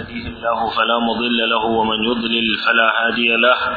يهديه الله فلا مضل له ومن يضلل فلا هادي له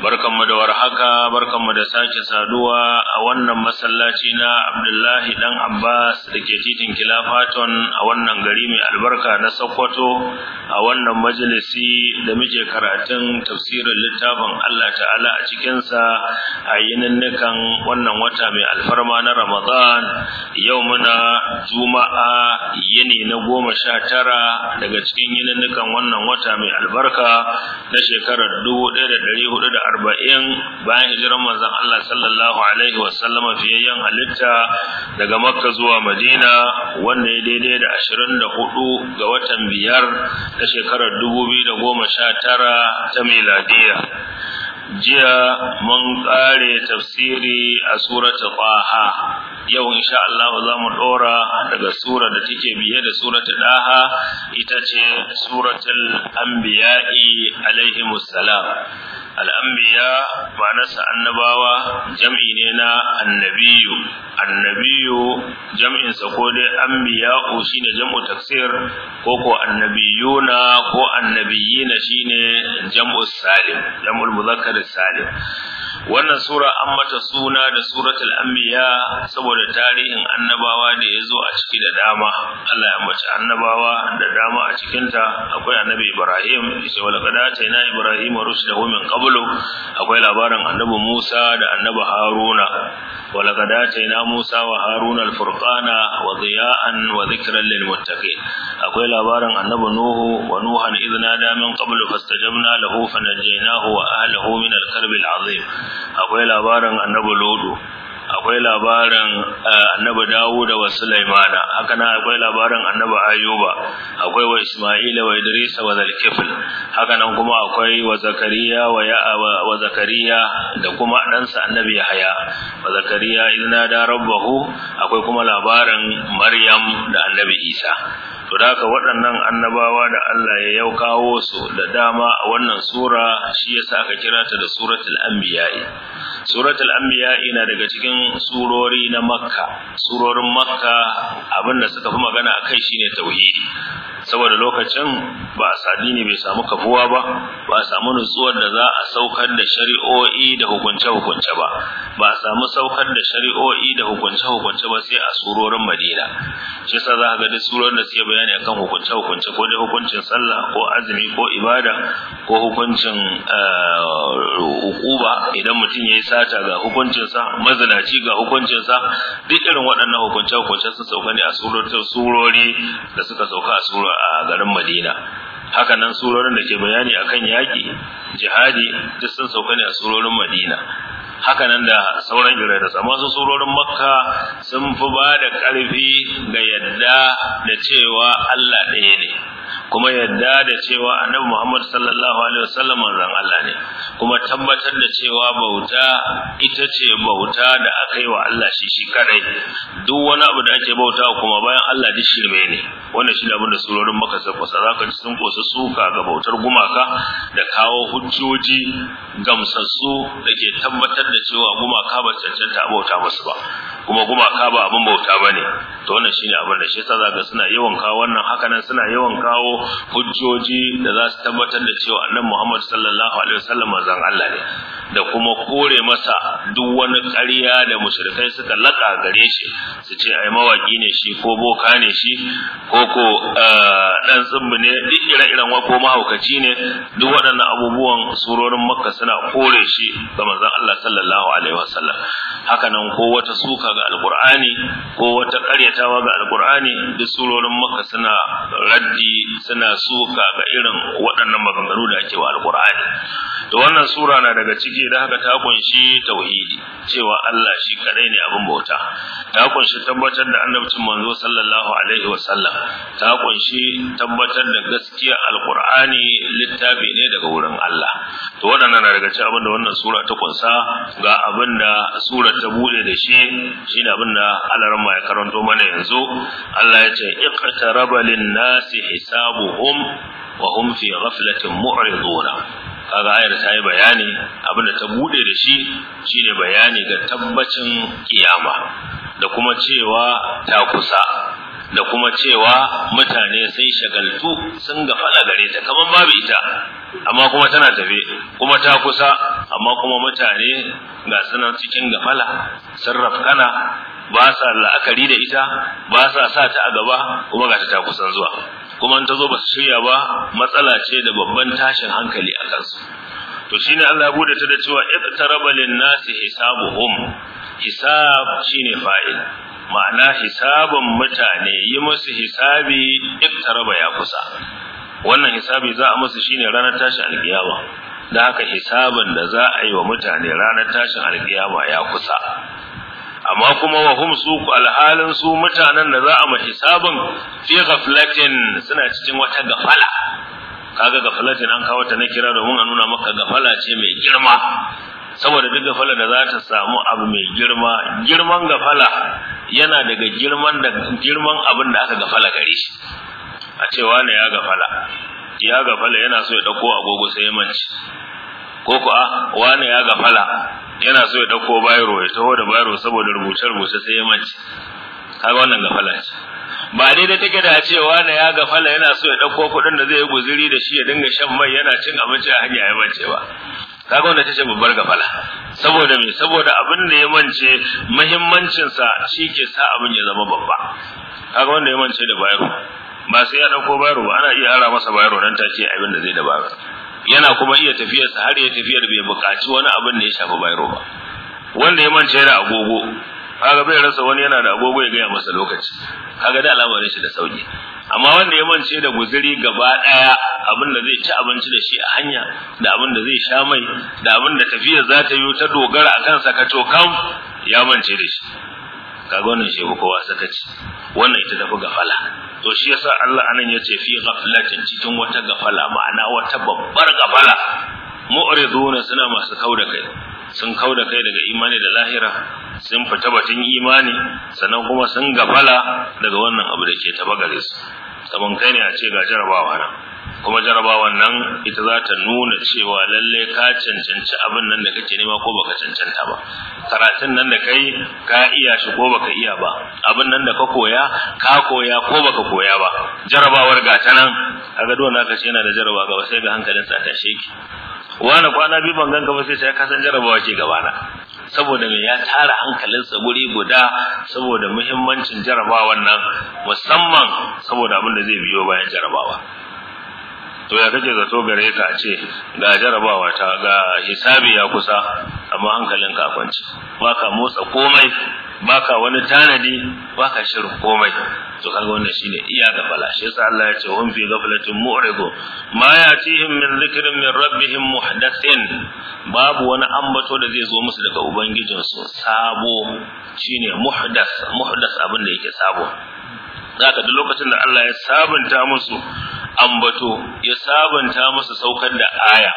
Barkan barkanmu da warhaka mu da sake saduwa a wannan masallaci na Abdullahi dan Abbas dake titin Kilafaton a wannan gari mai albarka na Sokoto a wannan majalisi da muke karatun tafsirin littafin Allah ta'ala a cikin sa a yininnikan wannan wata mai alfarma na Ramadan yau muna Juma'a yini na goma sha tara daga cikin yininnikan wannan wata mai albarka na shekarar dubu ɗaya arba'in bayan hijiran manzon Allah sallallahu alaihi wasallam yin halitta daga Makka zuwa Madina wanda ya daidai da ashirin da hudu ga watan biyar ta shekarar dubu biyu da goma sha tara ta miladiya. Jiya mun kare tafsiri a surata Taha, yau insha Allah za mu ɗora daga sura da take biye da surata Daha ita ce suratul Anbiya'i alaihimus salam. al'ambiya ba nasa annabawa jam'i ne na annabiyu annabiyu jam'insa ko dai shi shine jam'u taksir ko ko annabiyuna ko annabiyina shine jam'u salim jam'ul muzakkar salim wannan sura an mata suna da suratul anbiya saboda tarihin annabawa da ya zo a ciki da dama Allah ya mace annabawa da dama a cikinta akwai annabi Ibrahim yace wala qad atayna Ibrahim rusulahu min qablu akwai labarin annabi Musa da annabi Haruna wala qad Musa wa Haruna al-furqana wa wa dhikran lil muttaqin akwai labarin annabi Nuhu wa Nuhan idna da min qablu fastajabna lahu fanajaynahu wa ahlihi min al-karbi al-azim akwai labarin annabi lodo akwai labarin eh, annabi dawuda wasu laimana, haka nan akwai labarin annabi ayuba akwai wa isma'ila wa idrisa wa zalkifil haka nan kuma akwai wa zakariya wa wa zakariya da kuma ɗansa annabi Yahaya, wa zakariya idna da rabbahu akwai kuma labarin maryam da annabi isa to waɗannan annabawa da Allah ya yau kawo su da dama a wannan sura shi yasa aka kira ta da suratul Anbiya. suratul Anbiya na daga cikin surori na makka surorin makka abin da suka fi magana akai shine tauhidi saboda lokacin ba ne bai samu kafuwa ba ba a samu nutsuwar da za a saukar da shari'o'i da hukunce-hukunce ba ba a samu saukar da shari'o'i da hukunce-hukunce ba sai a surorin madina shi yasa za ka ga duk surorin da suke bayani akan hukunce hukunce ko dai hukuncin sallah ko azumi ko ibada ko hukuncin eh, hukuba idan mutum ya yi sata ga hukuncin sa mazinaci ga hukuncin sa duk irin waɗannan hukunce hukunce sun sauka ne a surori da suka sauka a sura a garin Madina haka nan surorin da ke bayani akan yaki jihadi duk sun sauka ne a surorin Madina haka nan da sauran irayensu amma su surorin makka sun fi ba da ƙarfi ga yadda da cewa Allah ɗaya ne kuma yadda da cewa annabi Muhammad sallallahu alaihi wasallam manzon Allah ne kuma tabbatar da cewa bauta ita ce bauta da akai wa Allah shi shi kadai duk wani abu da ake bauta kuma bayan Allah duk shirme ne wannan shi abin da surorin maka sai ko sai ka sun kosa suka ga bautar gumaka da kawo hujjoji gamsassu da ke tabbatar da cewa gumaka ba cancanta bauta musu ba kuma gumaka ba abin bauta bane to wannan shine abin da shi yasa zaka suna yawan kawo wannan haka nan suna yawan kawo hujjoji da za su tabbatar da cewa annabi Muhammad sallallahu alaihi wasallam manzon Allah ne da kuma kore masa duk wani ƙarya da mushrikai suka laka gare shi su ce ai mawaki ne shi ko boka ne shi ko ko dan eh, zumbu ne duk ire-iren wako mahaukaci ne duk waɗannan abubuwan surorin Makka suna kore shi ga manzon Allah sallallahu alaihi wasallam haka nan ko wata suka ga alqur'ani ko wata karyatawa ga alkur'ani duk surorin maka suna raddi suna suka ga irin waɗannan maganganu da ake wa Alƙur'ani. to wannan sura na daga ciki da haka ta kunshi tauhidi cewa Allah shi kadai ne abin bauta ta kunshi tabbatar da annabcin manzo sallallahu alaihi wa Sallam. ta kunshi tabbatar da gaskiya Alƙur'ani littafi ne daga wurin Allah to waɗannan na daga cikin abin da wannan sura ta kunsa ga abin da sura ta bude da shi shine abin da Allah ya karanto mana yanzu Allah ya ce iqtaraba lin nasi hisab ashabuhum wa hum fi ghaflatin mu'riduna kaga ayar ta yi bayani abinda ta bude da shi shine bayani ga tabbacin kiyama da kuma cewa ta kusa da kuma cewa mutane sai shagaltu sun gafala gare ta kamar babu ita amma kuma tana tafe kuma ta kusa amma kuma mutane ga sunan cikin gafala sarraf kana ba sa la'akari da ita ba sa sa ta a gaba kuma ga ta kusan zuwa kuma in ta zo ba su shirya ba matsala ce da babban tashin hankali a kansu to shine Allah ya bude ta da cewa iqtaraba lin-nasi hisabuhum hisab shine fa'il ma'ana hisabun mutane yi musu hisabi iqtaraba ya kusa wannan hisabi za a musu shine ranar tashin alkiyama dan haka hisabin da za a yi wa mutane ranar tashin alkiyama ya kusa amma kuma wa hum su alhalin su mutanen da za a ma hisabin fi ghaflatin suna cikin wata gafala kaga gaflatin an kawo ta na kira domin a nuna maka gafala ce mai girma saboda duk gafala da za ta samu abu mai girma girman gafala yana daga girman da girman abin da aka gafala gare shi a cewa ne ya gafala ya gafala yana so ya dauko agogo sai ya manci ko kuwa wani ya gafala yana so ya dauko bayro ya taho da bayro saboda rubuce-rubuce sai ya mace kaga wannan gafala ce ba dai da take da cewa na ya gafala yana so ya dauko kuɗin da zai yi guziri da shi ya dinga shan mai yana cin abinci a hanya ya mace ba kaga ta tace babbar gafala saboda me saboda abin da ya mance muhimmancin sa ke sa abin ya zama babba kaga wanda ya mance da bayro ba sai ya dauko bayro ba ana iya ara masa bayro nan take abin da zai da bayro yana kuma iya tafiyarsa har ya tafiyar bai bukaci wani abin da ya shafi bayro ba wanda ya mance da agogo kaga bai rasa wani yana da agogo ya gaya masa lokaci kaga da alamar shi da sauki amma wanda ya mance da guzuri gaba daya abin da zai ci abinci da shi a hanya da abin da zai sha mai da abin da tafiyar za ta yi ta dogara akan sa ka kam ya mance da shi kaga wannan shi kowa sakaci wannan ita tafi gafala to shi yasa Allah anan yace fi ghaflatin cikin wata gafala ma'ana wata babbar gafala mu'riduna suna masu kauda kai sun kauda kai daga imani da lahira sun fita batun imani sannan kuma sun gafala daga wannan abu da ke tabagare su saban kai ne a ce ga jarabawa nan kuma jarrabawar nan ita za ta nuna cewa lallai ka cancanci abin nan da kake nema ko baka cancanta ba karatun nan da kai ka iya shi ko baka iya ba abin nan da ka koya ka koya ko baka koya ba jarabawar ga ta nan a gado na kashe yana da jaraba gaba sai ga hankalin sa ta sheki wani kwana biyu ban ganka ba sai sai ka san jarabawa ce gaba na saboda me ya tara hankalinsa guri guda saboda muhimmancin jarabawan nan musamman saboda abin da zai biyo bayan jarabawa to ya kace zato gare ka a ce ga jarabawa ta ga hisabi ya kusa amma hankalin ka kwance baka motsa komai baka wani tanadi baka shirin komai to kaga wannan shine iya da bala shi yasa Allah ya ce hum fi ghaflatin mu'ridu ma yatihim min dhikrin min rabbihim muhdathin babu wani ambato da zai zo musu daga ubangijin su sabo shine muhdath muhdath abin da yake sabo zaka duk lokacin da Allah ya sabunta musu ambato ya sabanta musu saukar da aya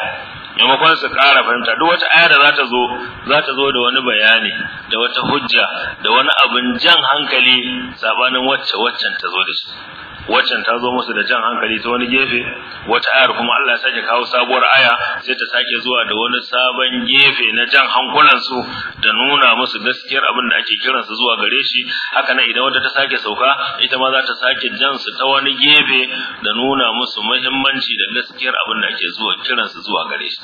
maimakon su ƙara fahimta duk wata aya da za ta zo za ta zo da wani bayani da wata hujja da wani abin jan hankali sabanin wacce waccan ta zo da shi waccan ta zo musu da jan hankali ta wani gefe wata ayar kuma Allah ya sake kawo sabuwar aya sai ta sake zuwa da wani sabon gefe na jan hankulan su da nuna musu gaskiyar abin da ake kiran su zuwa gare shi haka nan idan wata ta sake sauka ita ma za ta sake jan su ta wani gefe da nuna musu muhimmanci da gaskiyar abin da ake zuwa kiran su zuwa gare shi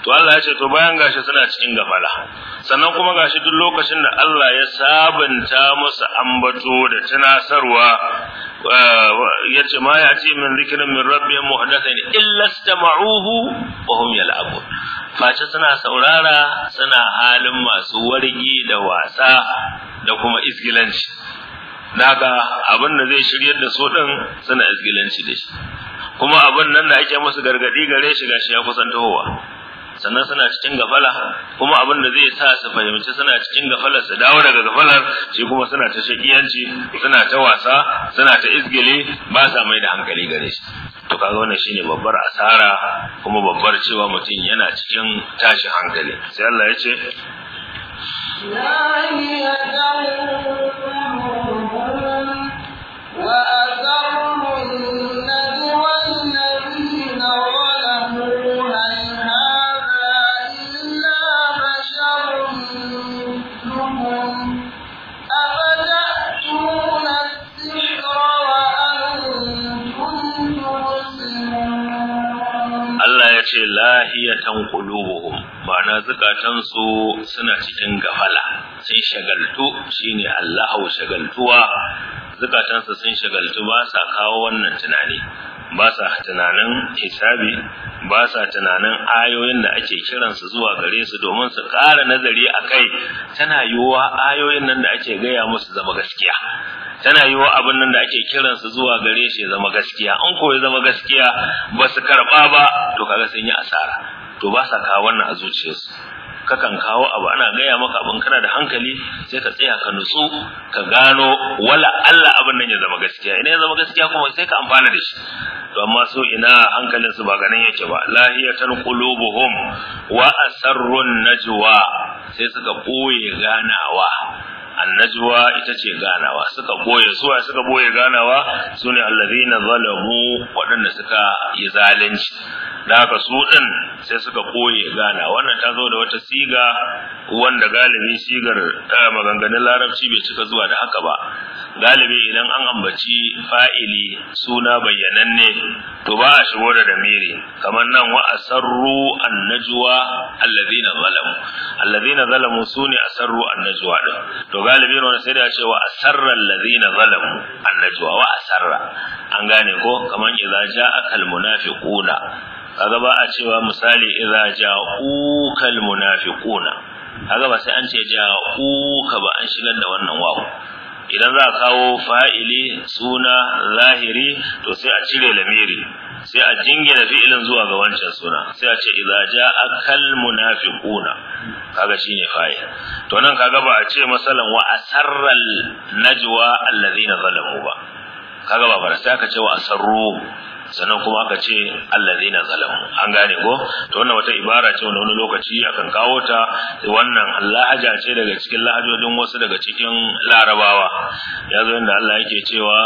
to Allah ya ce to bayan gashi suna cikin gafala sannan kuma gashi duk lokacin da Allah ya sabunta musu ambato da tunasarwa eh, yace ma ya ce min zikrin min rabbihim muhdathin illa istama'uhu wa hum yal'abun face suna saurara suna halin masu wargi da wasa da kuma isgilanci daga abin da zai shiryar da su din suna isgilanci da shi kuma abin nan da ake musu gargadi gare shi gashi ya kusan tahowa sannan suna cikin gafala kuma abin da zai sa su fahimci suna cikin gafalar su dawo daga gafalar shi kuma suna ta shakiyanci suna ta wasa suna ta izgile ba sa mai da hankali gare shi to kaga wannan shine babbar asara kuma babbar cewa mutum yana cikin tashi hankali sai Allah ya ce la ilaha illallah wa lahiyatan qulubuhum ma'ana zukatansu suna cikin gafala sun shagaltu shine Allahu shagaltuwa zukatansu sun shagaltu ba sa kawo wannan tunani ba sa tunanin hisabi ba sa tunanin ayoyin da ake kiransu zuwa gare su domin su ƙara nazari a kai tana yiwuwa ayoyin nan da ake gaya musu zama gaskiya tana yiwuwa abin nan da ake kiransu zuwa gare shi zama gaskiya an koyi zama gaskiya ba su karɓa ba to kaga sun yi asara to ba sa kawo wannan a zuciyarsu kakan kawo abu ana gaya maka abin kana da hankali sai ka tsaya ka nutsu ka gano wala Allah abin nan ya zama gaskiya idan ya zama gaskiya kuma sai ka amfana da shi to amma so ina hankalin su ba ganin yake ba lahiyatan qulubuhum wa asarrun najwa sai suka boye ganawa annajwa ita ce ganawa suka boye suwa suka boye ganawa sune allazina zalamu waɗanda suka yi zalunci da haka su ɗin sai suka koye gana wannan ta zo da wata siga wanda galibi sigar ta maganganun larabci bai cika zuwa da haka ba galibi idan an ambaci fa'ili suna bayyananne to ba a shigo da damiri kamar nan wa asarru annajwa allazina zalamu allazina zalamu sune asarru annajwa din to galibi ne sai da cewa asarra allazina zalamu annajwa wa asarra an gane ko kamar idza ja'aka almunafiquna kaga ba a cewa misali idza ja'ukal munafiquna kaga ba sai an ce ja'uka ba an shigar da wannan wawu idan za a kawo fa'ili suna zahiri to sai a cire lamiri sai a jingina fi'ilin zuwa ga wancan suna sai a ce idza ja'akal munafiquna kaga shine fa'il to nan kaga ba a ce masalan wa asarral najwa allazina zalamu ba kaga ba fara sai aka ce wa asarru sannan kuma aka ce allazina zalamu an gane ko to wannan wata ibara ce wani lokaci akan kawo ta wannan lahaja ce daga cikin lahajojin wasu daga cikin larabawa ya zo inda Allah yake cewa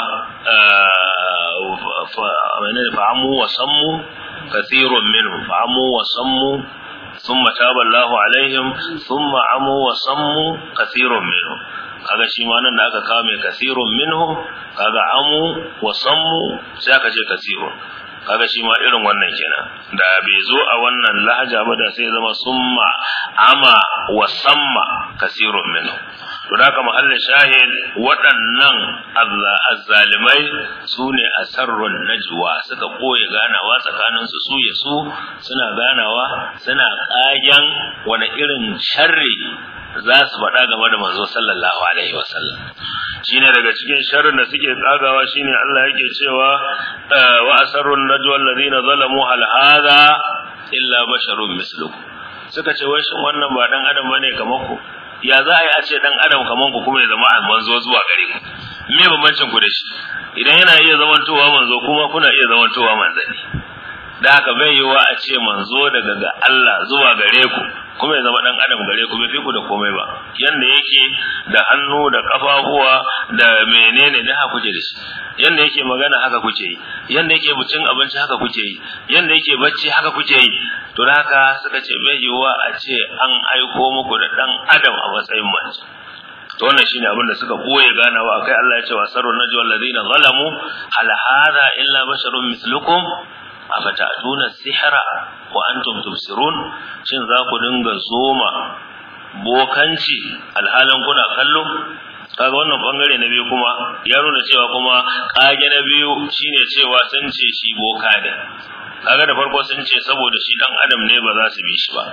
ah, fa'amu wa sammu kathirun minhum fa'amu wa sammu thumma taballahu alaihim thumma amu wa sammu kathirun منهم kaga shi ma nan da aka kawo mai kasirun minhu kaga amu wa sammu sai aka ce kasirun kaga shi ma irin wannan kenan da bai zo a wannan lahaja ba da sai zama summa ama wa samma kasirun minhu to da kama Allah shahid waɗannan azzalimai su ne asarrun najwa suka koye ganawa tsakaninsu su ya su suna ganawa suna kayan wani irin sharri za su faɗa game da manzo sallallahu alaihi wasallam ne daga cikin sharrin da suke tsagawa shine Allah yake cewa eh, wa asarrun najwa allazina zalamu halhaza hadha illa basharun mislukum suka ce wai shin wannan ba dan adam bane kamar ku ya za a yi a ce dan adam kaman ku kuma ya zama a manzo zuwa gare ku me bambancin ku da shi idan yana iya zamantowa manzo kuma kuna iya zamantowa manzanni da haka bai yi wa a ce manzo daga ga Allah zuwa gare ku kuma ya zama dan adam gare ku bai fi ku da komai ba yanda yake da hannu da kafafuwa da menene da haka kuke da shi yanda yake magana haka kuke yi yanda yake bucin abinci haka kuke yi yanda yake bacci haka kuke yi to da haka suka ce bai yi wa a ce an aiko muku da dan adam a matsayin manzo to wannan shine abin da suka koye ganawa akai Allah ya ce wa sarrun najwa allazina zalamu hal hadha illa basharun mislukum afatatuna sihra wa antum tubsirun shin za ku dinga zoma bokanci alhalan kuna kallo kaga wannan bangare na biyu kuma ya nuna cewa kuma kage na biyu shine cewa sun ce shi boka ne kaga da farko sun ce saboda shi dan adam ne ba za su bi shi ba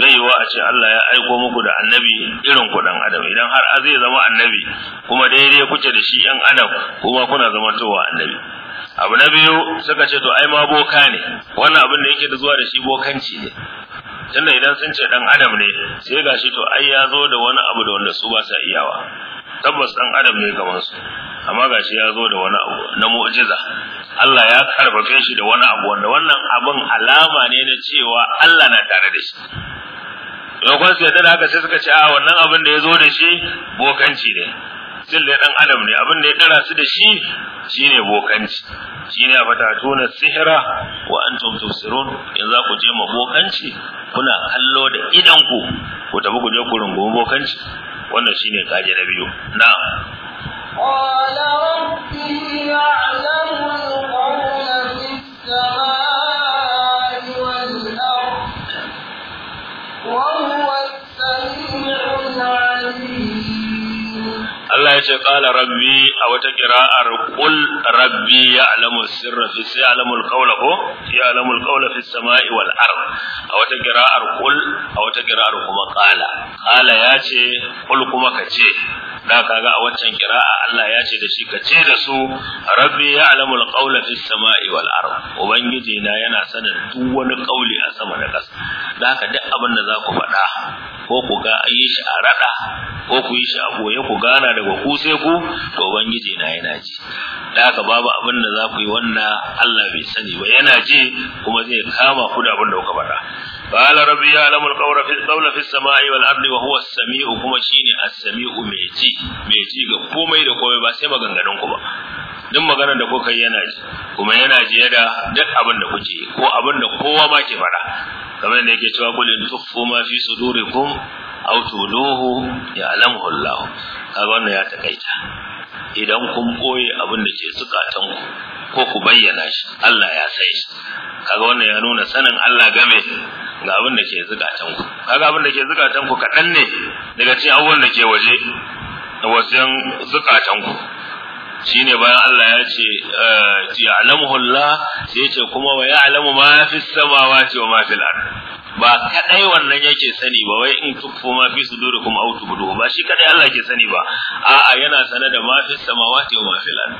zai yiwa a ce Allah ya aiko muku da annabi irin ku dan adam idan har zai zama annabi kuma daidai kuke da shi yan adam kuma kuna zama towa annabi abu na biyu suka ce to ai ma boka ne wannan abin da yake da zuwa da shi bokanci ne tunda idan sun ce dan adam ne sai gashi to ai ya zo da wani abu da wanda su ba sa iyawa tabbas dan adam ne gaban su amma gashi ya zo da wani abu na mu'jiza Allah ya karfafe shi da wani abu wanda wannan abin alama ne na cewa Allah na tare da shi yau kwan su yadda da haka sai suka ce a wannan abin da ya zo da shi bokanci ne mutum ɗan adam ne abin da ya ɗara su da shi shine bokanci shine afatatuna sihira wa antum in yanzu ku je ma bokanci kuna kallo da idan ku tafi ku je ku rungumi bokanci wannan shi ne kaje na biyu na ya ce qala rabbi a wata qira'ar kul rabbi ya'lamu sirra fi ya'lamu al-qawla ko ya'lamu al-qawla fi samai wal ard a wata qira'ar kul a wata qira'ar kuma ƙala, ƙala ya ce qul kuma kace da ga a waccan qira'a Allah ya ce da shi kace da su rabbi ya'lamu al-qawla fi samai wal ard ubangiji na yana sanin duk wani kauli a sama da ƙasa da haka duk abin da za ku faɗa ko ku ga yi shi a raɗa, ko ku yi shi a boye ku gana daga ku sai ku to ubangiji na yana ji da haka babu abin da za ku yi wannan Allah bai sani ba yana ji kuma zai kama ku da abin da kuka faɗa قال ربي يعلم القول في القول في السماء والارض وهو السميع kuma shine as-sami'u mai ji mai ji ga komai da komai ba sai maganganun ku ba duk maganar da kuka yana ji kuma yana ji da duk abin da kuke ko abin da kowa ma ke faɗa kamar da yake cewa qul tuffu ma fi sudurikum aw tuluhu ya'lamuhu Allah kaga wannan ya takaita idan kun boye abin da ke zukatan ku ko ku bayyana shi Allah ya sai shi kaga wannan ya nuna sanin Allah game ga abin da ke zukatan ku kaga abin da ke zukatan ku kadan ne daga cikin abubuwan da ke waje wajen zukatan ku shine bayan Allah ya ce eh, ya'lamuhu Allah sai ya ce kuma wa alamu ma fi samawati wa ma fil ardh ba kadai wannan yake sani ba wai in tuffo ma fi sudurikum aw tubdu ba shi kadai Allah yake sani ba a'a yana sane da ma fi samawati ma fil ard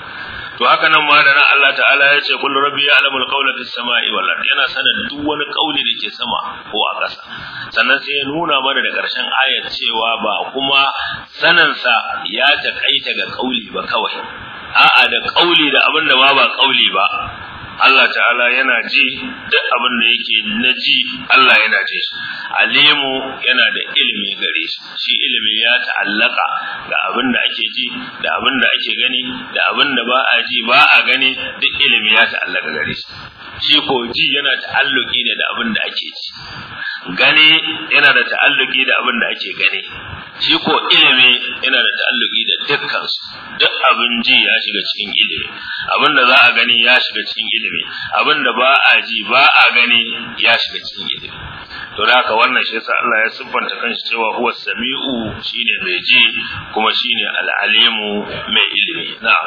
to haka nan ma da Allah ta'ala ya ce kullu rabbi ya'lamu al-qawla fis sama'i wal ard yana sana duk wani kauli da ke sama ko a ƙasa sannan sai ya nuna mana da karshen ayat cewa ba kuma sanansa ya taƙaita ga kauli ba kawai a'a da kauli da abin da ba ba kauli ba Allah ta'ala yana ji duk abin da yake na ji Allah yana ji alimu yana da ilimi gare shi shi ilimi ya ta'allaka ga abin da ake ji da abin da ake gani da abin da ba a ji ba a gani duk ilimi ya ta'allaka gare shi shi ko ji yana ta'alluki ne da abin da ake ji gani yana da ta'alluki da abin da ake gani shi ko ilimi yana da ta'alluki da dukkan su duk abin ji ya shiga cikin ilimi abin da za a gani ya shiga cikin ilimi abin da ba a ji ba a gani ya shiga cikin ilimi to da haka wannan shi yasa Allah ya siffanta kanshi cewa huwa sami'u shine mai ji kuma shine al'alimu mai ilimi na'am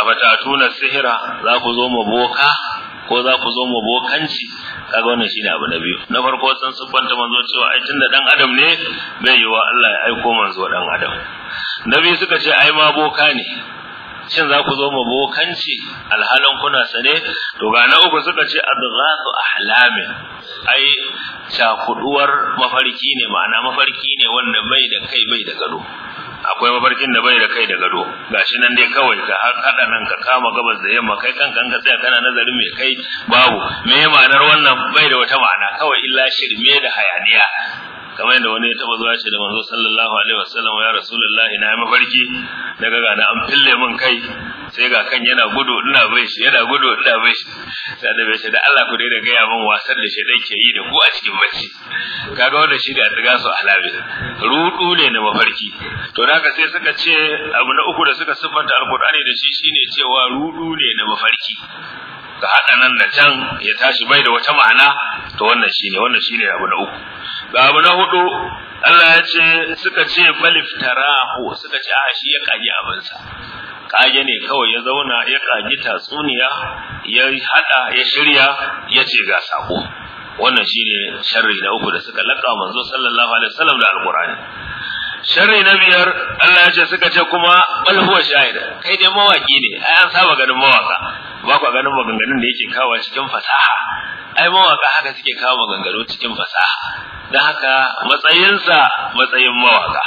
abatatuna sihira za ku zo mu boka ko za ku zo mu bokanci kaga wannan shine abu na biyu na farko sun banta manzo cewa ai tunda dan adam ne bai yiwa Allah ya aiko manzo dan adam nabi suka ce ai ma boka ne shin za ku zo mu bokanci alhalin kuna sane to ga na uku suka ce adghathu ahlamin ai shakuɗuwar mafarki ne ma'ana mafarki ne wanda bai da kai bai da gado akwai mafarkin da bai da kai da gado gashi nan dai kawai ka hada nan ka kama gabas da yamma kai kan kan tsaya kana nazarin me kai babu me ma'anar wannan bai da wata ma'ana kawai illa shirme da hayaniya kamar yadda wani ya taba zuwa shi da manzo sallallahu alaihi wasallam ya rasulullahi na mafarki daga ga na an fille min kai sai ga kan yana gudu ina bai shi yana gudu ina bai shi sai da bai shi da Allah ku daina gaya min wasan da shi ke yi da ku a cikin bacci kaga wanda shi da daga su alabi rudu ne na mafarki to da ka sai suka ce abu na uku da suka siffanta alqur'ani da shi shine cewa rudu ne na mafarki ka haɗa nan da can ya tashi bai da wata ma'ana to wannan shine wannan shine abu na uku ga na hudu Allah ya ce suka ce baliftarahu suka ce a shi ya kage abinsa kage ne kawai ya zauna ya kage tatsuniya ya hada ya shirya ya ce ga sako wannan shine sharri na uku da suka laka manzo sallallahu alaihi wasallam da alqur'ani sharri na biyar Allah ya ce suka ce kuma bal huwa shahida kai dai mawaki ne ai an saba ganin mawaka ba ku ganin maganganun da yake kawo cikin fasaha ai mawaka haka suke kawo maganganu cikin fasaha da haka matsayinsa matsayin mawaka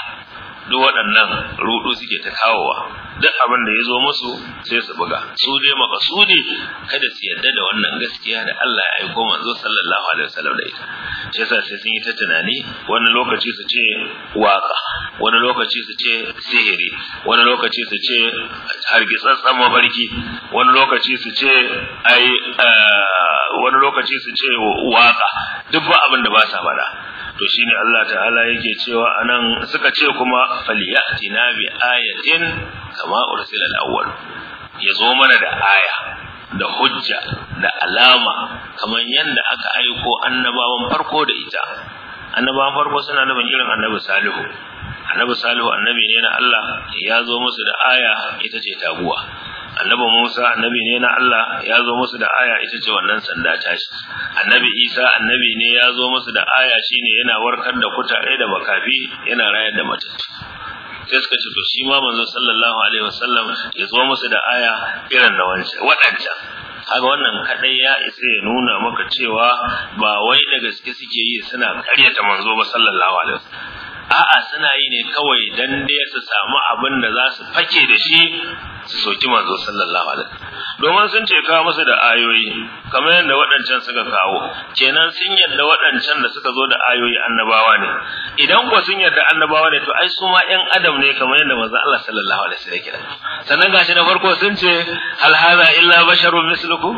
duk waɗannan rudu suke ta kawowa duk abin da ya zo musu sai su buga su dai makasudi kada su yarda da wannan gaskiya da Allah ya aiko manzo sallallahu alaihi wasallam da ita shi yasa sai sun yi ta tunani wani lokaci su ce waka wani lokaci su ce sihiri wani lokaci su ce hargitsatsan mafarki wani lokaci su ce ai eh, wani lokaci su ce waka duk ba abin da ba sa faɗa to shine Allah ta'ala yake cewa anan suka ce kuma falyatina bi ayatin kama ursila al-awwal yazo mana da aya da hujja da alama kamar yanda aka aiko annabawan farko da ita annabawan farko suna nufin irin annabi salihu annabi salihu annabi ne na Allah ya zo musu da aya ita ce taguwa annabi Musa annabi ne na Allah ya zo musu da aya ita ce wannan sanda ta shi annabi Isa annabi ne ya zo musu da aya shine yana warkar da kutare da makafi yana rayar da matattu sai suka ce to shi ma manzo sallallahu alaihi wasallam ya zo musu da aya irin na wancan waɗancan haka wannan kadai ya isa ya nuna maka cewa ba wai da gaske suke yi suna karyata manzo ba sallallahu alaihi wasallam a'a suna yi ne kawai dan dai su samu abin da za su fake da shi su soki manzo sallallahu alaihi domin sun ce kawo musu da ayoyi kamar yadda waɗancan suka kawo kenan sun yarda waɗancan da suka zo da ayoyi annabawa ne idan ko sun yarda annabawa ne to ai su ma ƴan adam ne kamar yadda manzo Allah sallallahu alaihi wasallam sannan gashi na farko sun ce hal hadha illa basharun mislukum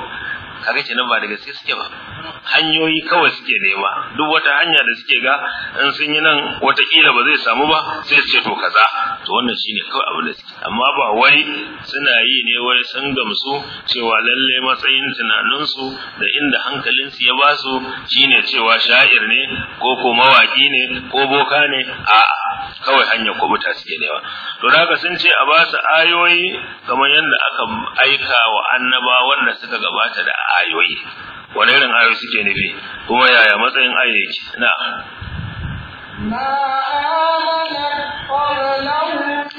kaga kenan ba daga gaske suke ba hanyoyi kawai suke nema duk wata hanya da suke ga in sun yi nan watakila ba zai samu ba sai su ce to kaza to wannan shine kawai abu da suke amma ba wai suna yi ne wai sun gamsu cewa lalle matsayin tunaninsu da inda hankalinsu ya basu shine cewa sha'ir ne ko ko mawaki ne ko boka ne a'a kawai hanyar kubuta suke nema to naka sun ce a ba su ayoyi kamar yadda aka aika wa Annaba wanda suka gabata da ayoyi wani irin ayoyi suke nufi kuma yaya matsayin ayyaki na ما آمنت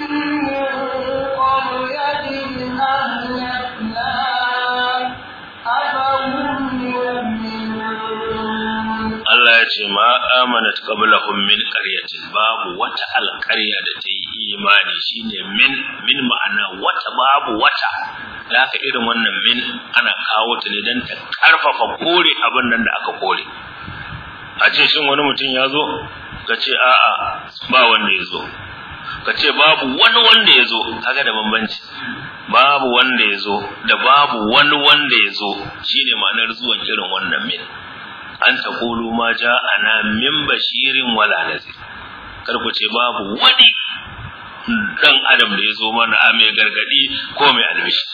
Allah ya ce ma amanat qablahum min qaryatin babu wata alqarya da ta yi imani shine min min ma'ana wata babu wata da haka irin wannan min ana kawo ta ne dan ta karfafa kore abin nan da aka kore a ce shin wani mutum ya zo ka ce a'a ba wanda ya zo ka ce babu wani wanda ya zo kaga da bambanci babu wanda ya zo da babu wani wanda ya zo shine ma'anar zuwan irin wannan min an kulu ma ja ana min bashirin wala nazir kar ku ce babu wani dan adam da ya zo mana a mai gargadi ko mai albishi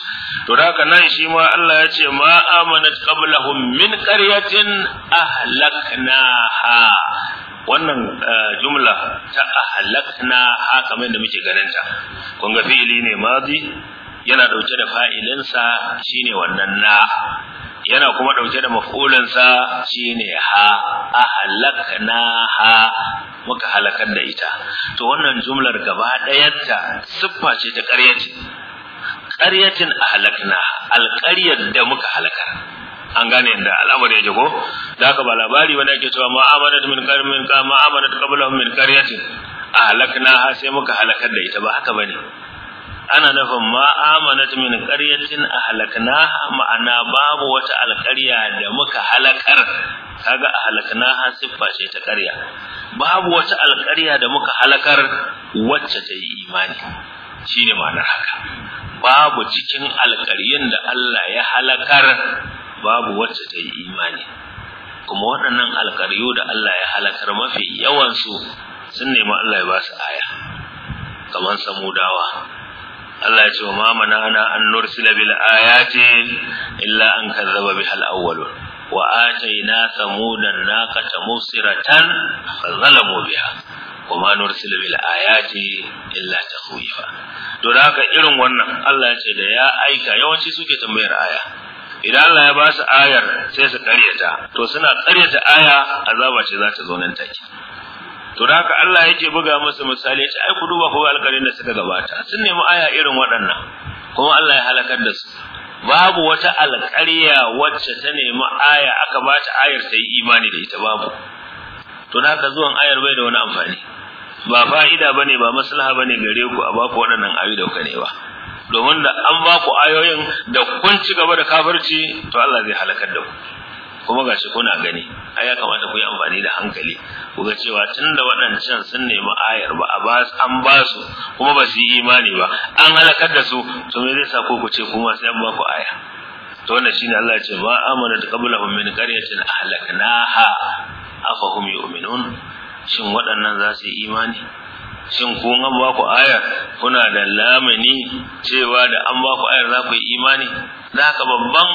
to da haka nan shi ma Allah ya ce ma amanat qablahum min qaryatin ahlaknaha wannan eh, jumla ta ha kamar da muke ganinta. ta kun ga fi'ili ne madi yana dauke da fa'ilinsa shine wannan na yana kuma dauke da maf'ulin sa shine ha ahlakna ha muka halakar da ita to wannan jumlar gaba dayarta siffa ce ta ƙaryaci ƙaryatin ahlakna alƙaryar da muka halakar an gane inda al'amari yake ko da haka ba labari bane ake cewa ma'amanat min qarmin ka ma'amanat qablahum min qaryatin ha sai muka halakar da ita ba haka bane ana nufin ma amanat min qaryatin ahlaknaha ma'ana babu wata alqarya da muka halakar kaga ahlaknaha siffa ce ta qarya babu wata alqarya da muka halakar wacce ta yi imani shine ma'anar haka babu cikin alƙaryin da Allah ya halakar babu wacce ta yi imani kuma waɗannan alƙaryu da Allah ya halakar mafi yawan su sun nemi Allah ya ba su aya kamar samudawa Allah ya ce wa mamana ana an nursila bil ayati illa an kazzaba bihal awwalun wa atayna thamuda naqata mubsiratan fa biha wa ma nursila bil ayati illa takhwifa to haka irin wannan Allah ya ce da ya aika yawanci suke tambayar aya idan Allah ya ba su ayar sai su karyata to suna karyata aya azaba ce za ta zo nan take to da haka Allah yake buga musu misali ce ai ku duba ko alƙalin da suka gabata sun nemi aya irin waɗannan kuma Allah ya halakar da su babu wata alƙarya wacce ta nemi aya aka bata ayar ta yi imani da ita babu to da haka zuwan ayar bai da wani amfani ba fa'ida bane ba maslaha bane gare ku a baku waɗannan ayi da ne ba domin da an baku ayoyin da kun ci gaba da kafirci to Allah zai halakar da ku kuma gashi kuna gani ai ya kamata ku yi amfani da hankali ku ga cewa tunda waɗancan sun nemi ayar ba an ba su kuma ba su yi imani ba an halakar da su to me zai sa ko ku ce kuma sai an ba ku aya to wannan shine Allah ya ce ma amanat hum min qaryatin ahlaknaha afahum yu'minun shin waɗannan za su yi imani shin ku an ba ku aya kuna da lamani cewa da an ba ku ayar za ku yi imani da haka babban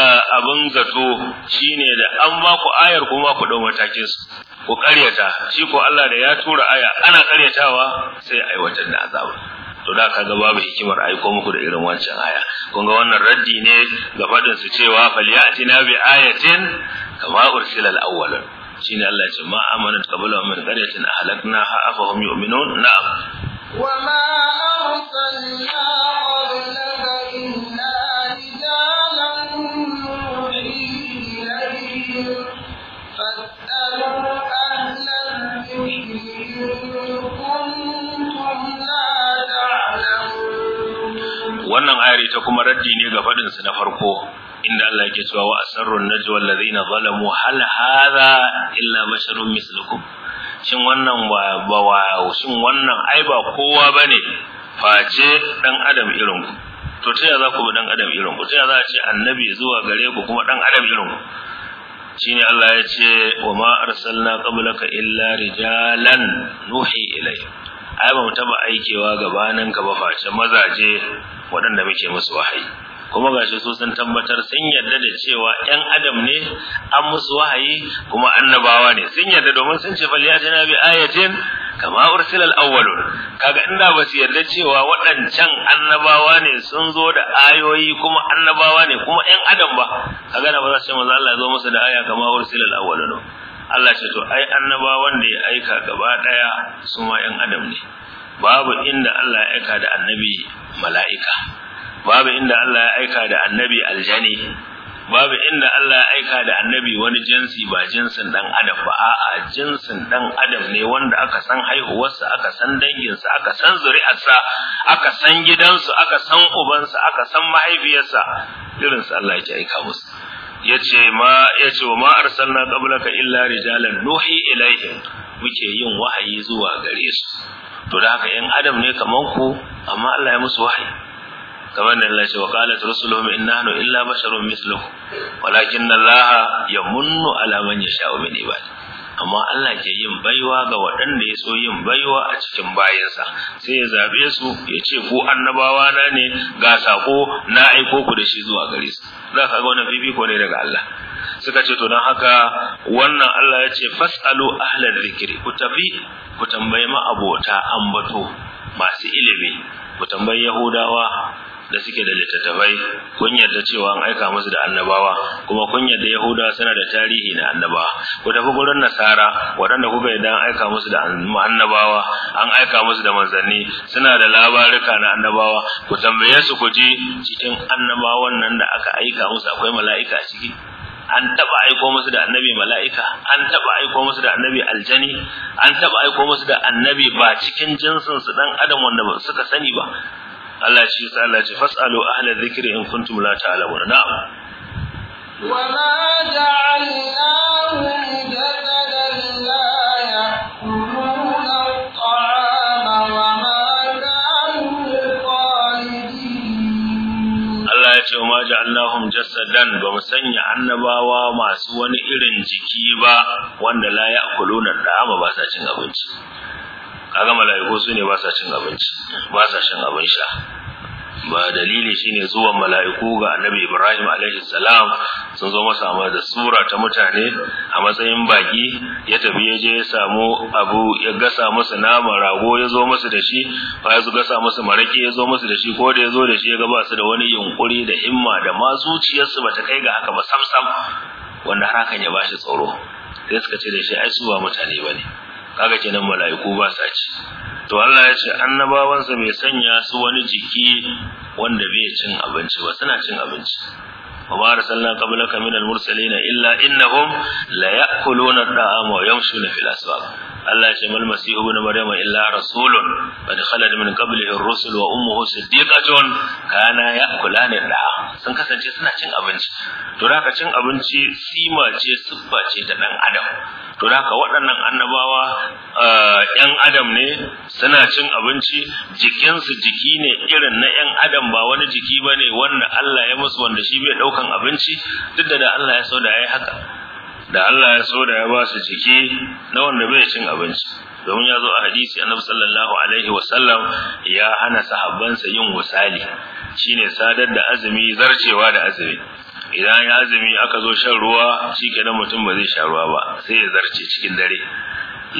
eh, abin zato ne da an ba ku ayar kuma ku dau matakin su ku karyata shi ko Allah da ya tura aya ana karyatawa sai aiwatar da azaba to da ka ga babu hikimar aiko muku da irin wancan aya kun ga wannan raddi ne ga fadin su cewa falyatina bi ayatin kama ursila al Shi shine Allah ya ce ma amanat qabla min qaryatin ahlakna ha afahum yu'minun na'am wa ma arsalna wannan ayar ita kuma raddi ne ga fadin su na farko inda Allah yake cewa wa asrarun najwa allazina zalamu hal hadha illa basharun mislukum shin wannan ba ba shin wannan ai ba kowa bane face dan adam irin ku to ta yaya za ku bi dan adam irin ku ta yaya za a ce annabi zuwa gare ku kuma dan adam irin ku shine Allah ya ce wa ma arsalna qablaka illa rijalan nuhi ilayhim ai ba mu taba aikewa gabanin ka ba face mazaje waɗanda muke musu wahayi kuma gashi su sun tabbatar sun yarda da cewa 'yan adam ne an musu wahayi kuma annabawa ne sun yarda domin sun ce falyatina bi ayatin kama ursilal awwalun kaga inda ba su yarda cewa waɗancan annabawa ne sun zo da ayoyi kuma annabawa ne kuma 'yan adam ba kaga na ba za su ce maza Allah zo musu da aya kama ursilal awwalun Allah ce to ai annaba wanda ya aika gaba daya su ma yan adam ne babu inda Allah ya aika da annabi mala'ika babu inda Allah ya aika da annabi aljani babu inda Allah ya aika da annabi wani jinsi ba jinsin dan adam ba a'a jinsin dan adam ne wanda aka san haihuwarsa aka san danginsa aka san zuri'arsa aka san gidansu aka san ubansa aka san mahaifiyarsa irinsu Allah ya aika musu yace ma yace ma arsalna qablaka illa rijalan nuhi ilaihim muke yin wahayi zuwa gare su to da haka yan adam ne kaman ku amma Allah ya musu wahayi kamar da Allah ya ce wa qalat rusuluhum inna nahnu illa basharun mithlukum walakinna Allah yamunnu ala man yasha'u min ibadihi amma Allah ke yin baiwa ga waɗanda ya so yin baiwa a cikin bayansa sai ya zabe su ya ce ku annabawa na ne ga sako na aiko ku da shi zuwa gare su za ka ga wannan fifiko ne daga Allah suka ce to don haka wannan Allah ya ce fasalu ahlal zikri ku tafi ku tambayi ma abota ambato masu ilimi ku tambayi yahudawa da suke da littattafai kun yarda cewa an aika musu da annabawa kuma kun yarda yahudawa suna da tarihi na annabawa ku tafi gurin nasara waɗanda kuka yarda an aika musu da annabawa an aika musu da manzanni suna da labarika na annabawa ku tambaye su ku ji cikin annabawan nan da aka aika musu akwai mala'ika a ciki an taba aiko musu da annabi mala'ika an taba aiko musu da annabi aljani an taba aiko musu da annabi ba cikin jinsin su dan adam wanda suka sani ba Allah ya ce Allah ya ce fasalu ahla dhikri in kuntum la ta'lamun na'am wa ma ja'alnahum la ya'kuluna wa ma Allah ya ce ma jasadan ba mu sanya annabawa masu wani irin jiki ba wanda la ya'kuluna da'ama ba sa cin abinci kaga mala'iku su ne ba sa cin abinci ba sa shan abin sha ba dalili shine zuwan mala'iku ga annabi Ibrahim alaihi salam sun zo masa amma da sura ta mutane a matsayin baki ya tafi ya je ya samu abu ya gasa masa nama rago ya zo masa da shi ba ya gasa masa marake ya zo masa da shi ko da ya zo da shi ya gaba su da wani yunkuri da himma da ma zuciyarsu bata kai ga haka ba sam wanda har hakan ya bashi tsoro sai suka ce da shi ai su ba mutane bane kaga kenan malaiku ba sa ci to Allah ya ce annabawansa bai sanya su wani jiki wanda bai cin abinci ba suna cin abinci wa arsalna qablaka min al-mursalina illa innahum la ya'kuluna at-ta'ama wa yamshuna fil aswaq Allah ya ce mal masihu ibn maryama illa rasulun qad khalat min qablihi ar-rusul wa ummuhu siddiqatun kana ya'kulani da sun kasance suna cin abinci to da cin abinci sima ce siffa ce ta dan adam to da waɗannan annabawa eh, yan adam ne suna cin abinci jikinsu jiki ne irin na yan adam ba wani jiki bane wanda Allah ya musu wanda shi bai daukan abinci duk da Allah ya so da yayi haka da Allah ya so da ya ba su ciki na wanda bai cin abinci domin ya zo a hadisi annabi sallallahu alaihi wasallam ya hana sahabbansa yin wasali shine sadar da azumi zarcewa da azumi idan ya azumi aka zo shan ruwa shi kenan mutum ba zai sha ruwa ba sai ya zarce cikin dare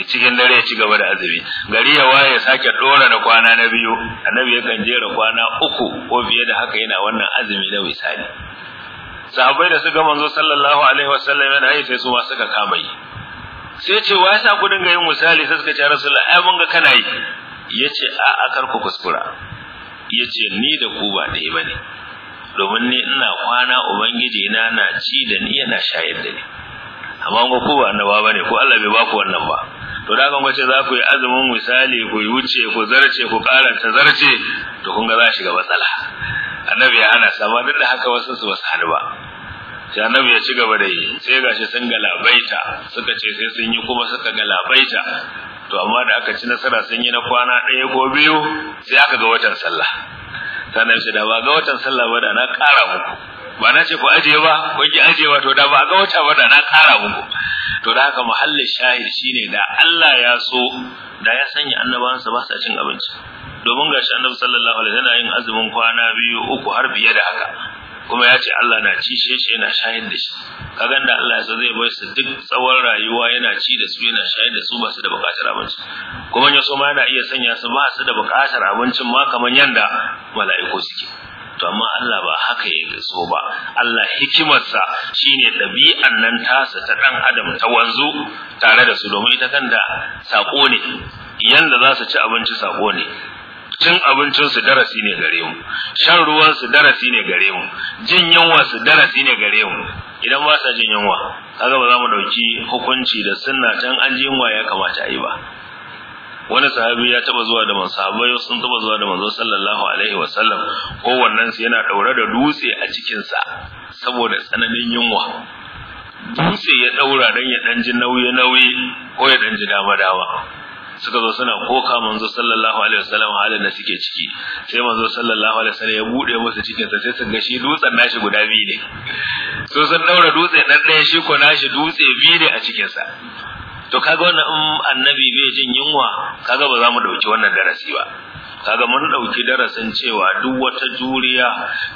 cikin dare ya ci gaba da azumi gari ya waye sake dora da kwana na biyu annabi ya yakan jera kwana uku ko fiye da haka yana wannan azumi na misali sahabbai da suka manzo sallallahu alaihi sallam yana yi sai su ma suka kama yi sai ce wa yasa ku dinga yin misali sai suka ce rasulullahi ai mun ga kana yi yace a a kar ku kuskura yace ni da ku ba dai bane domin ni ina kwana ubangiji na na ci da ni yana shayar da ni amma ga ku ba annaba bane ko Allah bai baku wannan ba to da kan ce za ku yi azumin misali ku yi wuce ku zarce ku karanta zarce to kun ga za shiga matsala annabi ya ana sama duk da haka wasu su wasu hannu sai annabi ya ci gaba da yi sai gashi sun galabaita suka ce sai sun yi kuma suka galabaita to amma da aka ci nasara sun yi na kwana ɗaya ko biyu sai aka ga watan sallah sannan shi da ba ga watan sallah ba da na ƙara muku ba na ce ku ajiye ba ku ki ba. to da ba ga wata ba da na ƙara muku to da haka muhallin shahid shine da Allah ya so da ya sanya annabawansa ba sa cin abinci domin gashi annabi sallallahu alaihi wasallam yin azumin kwana biyu uku har fiye da haka kuma ya ce Allah na ci shi shi yana shahid da shi kagan da Allah ya zai bai su duk tsawon rayuwa yana ci da su yana shahid da su ba su da bukatar abinci kuma ya so ma yana iya sanya su ba su da bukatar abincin ma kamar yanda mala'iku suke to amma Allah ba haka ya so ba Allah hikimarsa shine dabi'an nan tasa ta ɗan adam ta wanzu tare da su domin ita kanta sako ne yanda za su ci abinci sako ne cin abincin su darasi ne gare mu shan ruwan su darasi ne gare mu jin yunwa su darasi ne gare mu idan ba sa jin yunwa kaga ba za mu dauki hukunci da sunna can an ji yunwa ya kamata a yi ba wani sahabi ya taba zuwa da man sahabbai sun taba zuwa da manzo sallallahu alaihi wasallam wannan su yana daure da dutse a cikin sa saboda tsananin yunwa dutse ya daura dan ya dan ji nauyi nauyi ko ya dan ji dama dama suka zo suna koka manzo sallallahu alaihi wasallam halin da suke ciki sai manzo sallallahu alaihi wasallam ya bude musu cikin sa sai sun ga shi dutsen nashi guda biyu ne so sun daura dutse dan ɗaya shi ko nashi dutse biyu ne a cikin sa to kaga wannan in annabi bai jin yunwa kaga ba za mu dauki wannan darasi ba kaga mun dauki darasin cewa duk wata juriya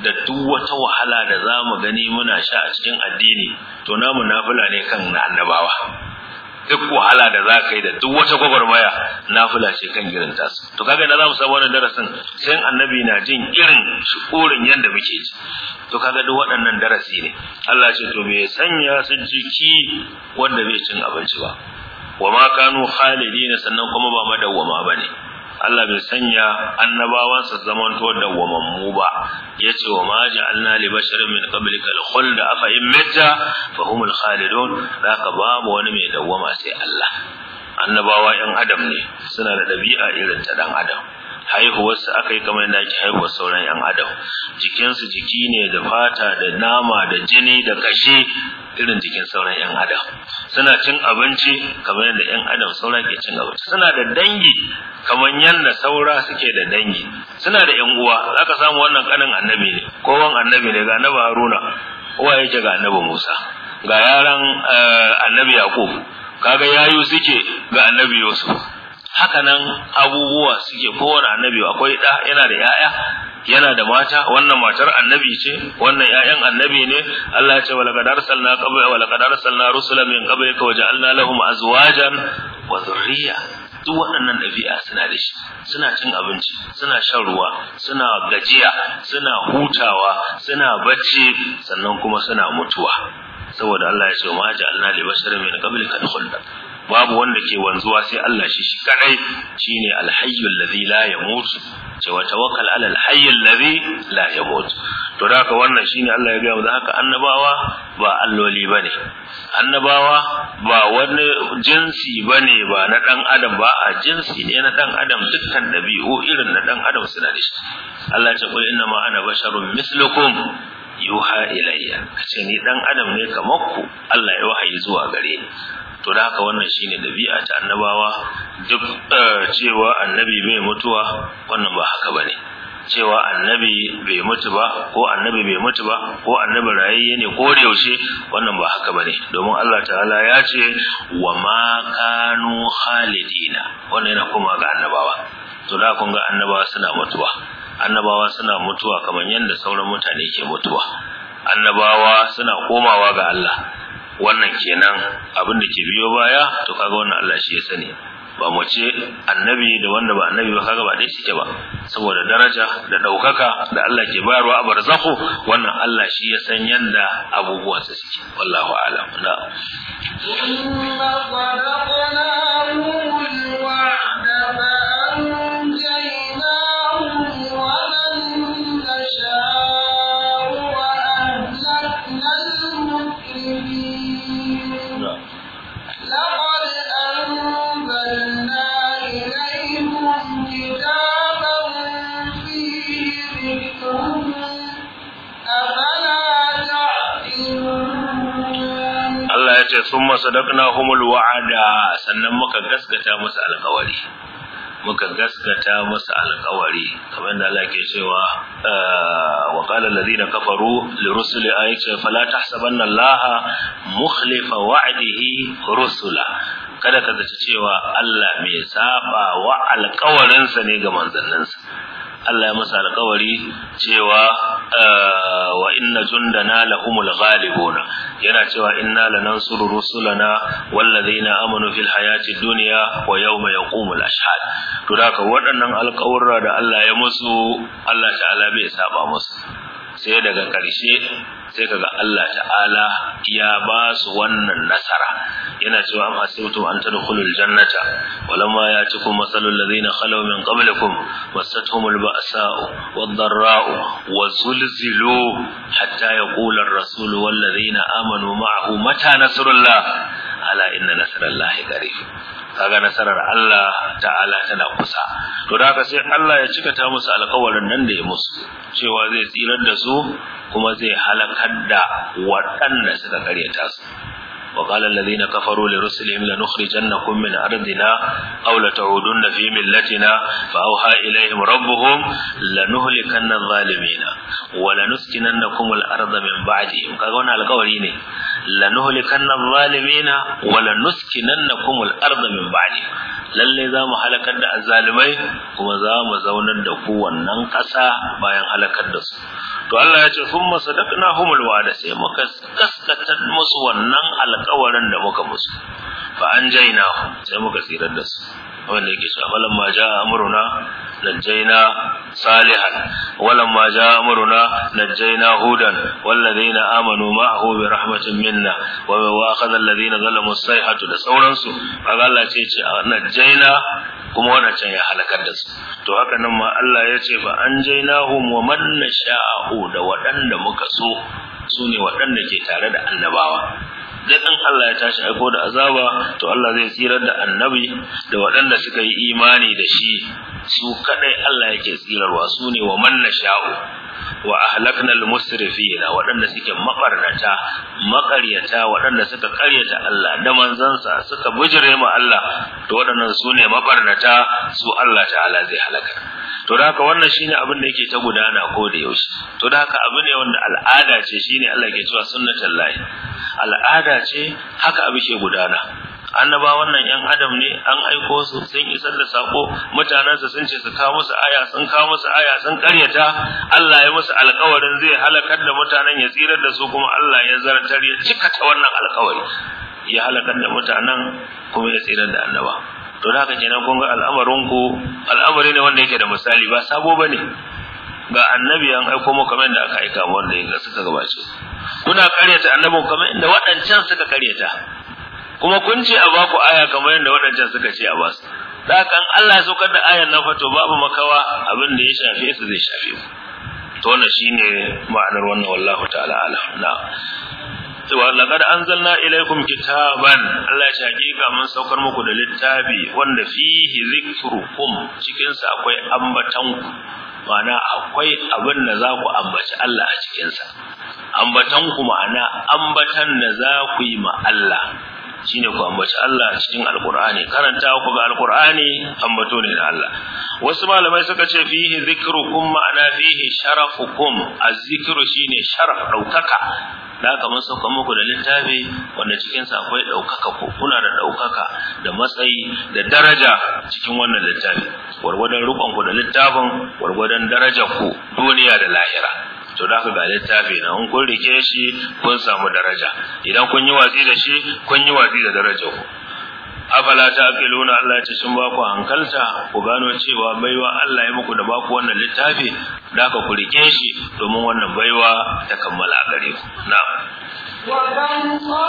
da duk wata wahala da za mu gani muna sha a cikin addini to namu nafila ne kan annabawa duk wahala da za ka yi da duk wata gwagwarmaya fula ce kan irin tasu to kaga na za mu samu wannan darasin sai annabi na jin irin shukurin yadda muke ji to kaga duk waɗannan darasi ne Allah ce to bai sanya su jiki wanda bai cin abinci ba wa ma kanu khalidina sannan kuma ba madawwama bane Allah bai sanya annabawansa zamanto mu ba yace wa ma ja'alna li basharin min qablika al-khuld afa in mitta fa humul khalidun zaka babu wani mai dawwama sai Allah annabawa yan adam ne suna da dabi'a irin ta dan adam haihuwarsa aka yi kamar yadda ake haihuwar sauran yan adam jikinsu jiki ne da fata da nama da jini da kashi irin jikin sauran yan adam suna cin abinci kamar yadda yan adam saura ke cin abinci suna da dangi kamar yadda saura suke da dangi suna da yan uwa zaka samu wannan kanin annabi ne kowan annabi ne ga annabi haruna uwa yake ga annabi musa ga yaran eh, annabi yaqub kaga yayu suke ga annabi yusuf hakanan abubuwa suke kowane annabi akwai da yana da yaya yana da mata wannan matar annabi ce wannan 'ya'yan annabi ne Allah ya ce wala qad arsalna qabla wala qad arsalna rusula min qablika wa ja'alna lahum azwajan wa dhurriyya duk waɗannan ɗabi'a suna da shi suna cin abinci suna shan ruwa suna gajiya suna hutawa suna bacci sannan kuma suna mutuwa saboda Allah ya ce ma ja'alna li basharin min qablika khulda babu wanda ke wanzuwa sai Allah shi shi kadai shine alhayyul ladhi la yamut ce wa tawakkal ala alhayyul ladhi la yamut to da haka wannan shine Allah ya ga mu da haka annabawa ba alloli bane annabawa ba wani jinsi bane ba na dan adam ba a jinsi ne na dan adam dukkan dabi'u irin na dan adam suna da shi Allah ya ce qul inna ma ana basharun mislukum yuha ilayya kace ni dan adam ne kamar ku Allah ya wahayi zuwa gare ni to da haka wannan shine dabi'a ta annabawa duk eh, cewa annabi bai mutuwa wannan ba haka bane cewa annabi bai mutu ba ko annabi bai mutu ba ko annabi rayayye ne ko da yaushe wannan ba haka bane domin Allah ta'ala ya ce wa ma kanu khalidina wannan yana kuma ga annabawa to da kun ga annabawa suna mutuwa annabawa suna mutuwa kamar yadda sauran mutane ke mutuwa annabawa suna komawa ga Allah wannan kenan abin da ke biyo baya to kaga wannan Allah shi ya sani ba mu ce annabi da wanda ba annabi ba kaga ba dai suke ba saboda daraja da daukaka da Allah ke bayarwa a barzakhu wannan Allah shi ya san yanda abubuwansa su suke wallahu a'lam na ce summa sadaqnahumul wa'ada sannan muka gaskata musu alƙawari muka gaskata musu alƙawari kamar da Allah ke cewa ah, wa qala kafaru li rusuli fala tahsabanna Allah mukhlifa wa'dihi rusula kada ka zaci cewa Allah mai saba wa alƙawarinsa ne ga manzanninsa Allah ya masa alƙawari cewa wa inna jundana lahumul ghalibun yana cewa inna lanansuru rusulana na amanu fil hayati dunya wa yawma yaqumul ashhad to da haka waɗannan alƙawarra da Allah ya musu Allah ta'ala bai saba musu sai daga ƙarshe sai kaga Allah ta'ala ya ba su wannan nasara yana cewa am asibtum an tadkhulul jannata walamma ya'tikum masalul ladina khalaw min qablikum massatuhumul ba'sa'u wadh-dharra'u wazulzilu hatta yaqula ar wal ladina amanu ma'ahu mata nasrullah ala inna nasrallahi qarib kaga nasarar Allah ta'ala tana kusa to da haka sai Allah ya cika ta musu alƙawarin nan da ya musu cewa zai tsirar da su kuma zai halakar da waɗanda suka karyata su وقال الذين كفروا لرسلهم لنخرجنكم من أرضنا أو لتعودن في ملتنا فأوحى إليهم ربهم لنهلكن الظالمين ولنسكننكم الأرض من بعدهم كغونا القولين لنهلكن الظالمين ولنسكننكم الأرض من بعدهم lalle za mu halakar da azzalimai kuma za mu zaunar da ku wannan ƙasa bayan halakar da su to Allah ya ce sun masadaqnahumul wa'ada sai muka gaskatar musu wannan al alƙawarin da muka musu fa an jaina sai muka tsirar da su wanda yake cewa malam ma ja amruna najjaina salihan walam ma ja amruna najjaina hudan walladheena amanu ma'ahu bi rahmatin minna wa wa akhadha alladheena zalamu sayhatu da sauransu kaga Allah ce ce najjaina kuma can ya halakar da su to haka nan ma Allah ya ce fa anjainahum wa man nasha'u da wadanda muka so Su ne waɗanda ke tare da annabawa daɗin Allah ya tashi aiko da azaba to Allah zai tsirar da annabi da waɗanda suka yi imani da shi su kaɗai Allah yake tsirarwa su ne wa man nasha'u wa ahlakna al-musrifina waɗanda suke maƙarnata, maƙaryata, waɗanda suka karyata Allah da manzansa suka bujire ma Allah to waɗannan su ne maƙarnata, su Allah ta'ala zai halaka to da haka wannan shine abin da yake ta gudana ko da yaushe to da haka abu ne wanda al'ada ce shine Allah ke cewa sunnatul lahi al'ada ce haka abu ke gudana annaba wannan yan adam ne an aiko su sun isar da sako mutanensa sun ce su kawo musu aya sun kawo musu aya sun karyata Allah ya musu alƙawarin zai halakar da mutanen ya tsirar da su kuma Allah ya zartar ya cika ta wannan alƙawari ya halakar da mutanen kuma ya tsirar da annaba to da haka kenan kun ga al'amarin ku al'amari ne wanda yake da misali ba sabo bane ga annabi an aiko mu kamar da aka aika mu wanda yake suka gabace kuna karyata annabin kamar inda waɗancan suka karyata kuma kun ce a baku aya kamar yadda waɗancan suka ce a basu da haka an Allah ya saukar da ayan nan fa babu makawa abin da ya shafe su zai shafe su to wannan shine ma'anar wannan wallahu ta'ala ala cewa laqad anzalna ilaykum kitaban Allah ya ga mun saukar muku da littafi wanda fihi zikrukum cikin sa akwai ambatan ku ma'ana akwai abin da za ku ambaci Allah a cikin sa ambatan ku ma'ana ambatan da za ku yi ma Allah shine ku ambaci Allah cikin alqur'ani karanta ku ga alqur'ani ambato ne da Allah wasu malamai suka ce fihi zikrukum ma'ana fihi sharafukum azzikru shine sharaf daukaka da aka mun sauka muku da littafi wanda cikin sa akwai daukaka ko kuna da daukaka da matsayi da daraja cikin wannan littafi warwadan rukun ku da littafin wargwadon daraja ku duniya da lahira to da ka ga littafi na in kun rike shi kun samu daraja idan kun yi watsi da shi kun yi watsi da darajar ku afala ta akiluna Allah ya ce sun ba ku hankalta ku gano cewa baiwa Allah ya muku da ba ku wannan littafi da ka ku rike shi domin wannan baiwa ta kammala gare ku na'am wa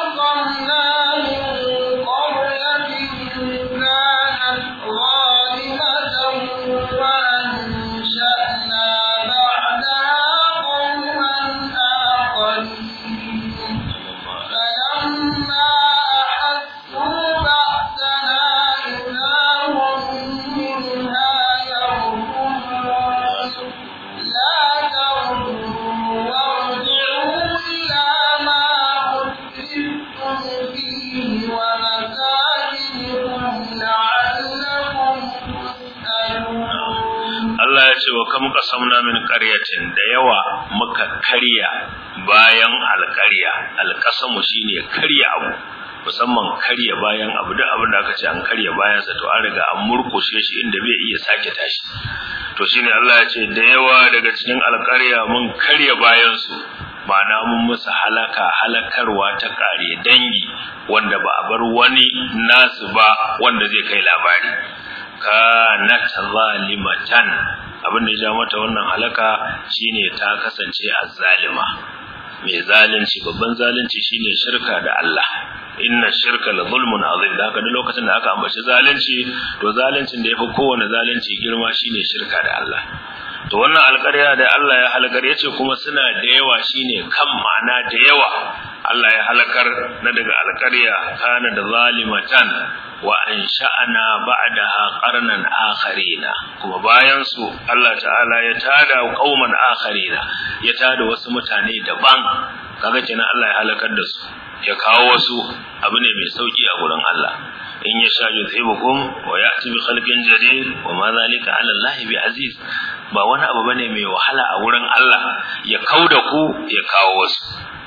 ce wa kam qasamna min qaryatin da yawa muka karya bayan alqarya alqasamu shine karya abu musamman karya bayan abu duk abin aka ce an karya bayan sa to an riga an murkushe shi inda bai iya sake tashi to shine Allah ya ce da yawa daga cikin alqarya mun karya bayan su ma'ana mun musu halaka halakarwa ta kare dangi wanda ba a bar wani nasu ba wanda zai kai labari kanat zalimatan abin da ya ja mata wannan halaka shine ta kasance azzalima mai zalunci babban zalunci shine shirka da Allah inna shirka la zulmun azim da haka lokacin da aka ambaci zalunci to zaluncin da yafi kowane zalunci girma shine shirka da Allah to wannan alƙarya da Allah ya halakar yace kuma suna da yawa shine kan ma'ana da yawa Allah ya halakar na daga alƙarya kana da zalimatan wa ansha'ana ba'daha qarnan akharina kuma bayan su Allah ta'ala ya tada qauman akharina ya tada wasu mutane daban kaga kenan Allah ya halakar da su ya kawo wasu abu ne mai sauki a gurin Allah in ya sha yuzhibukum wa ya'ti bi khalqin jadid wa ma zalika 'ala Allah bi aziz ba wani abu bane mai wahala a wurin Allah ya kauda ku ya kawo wasu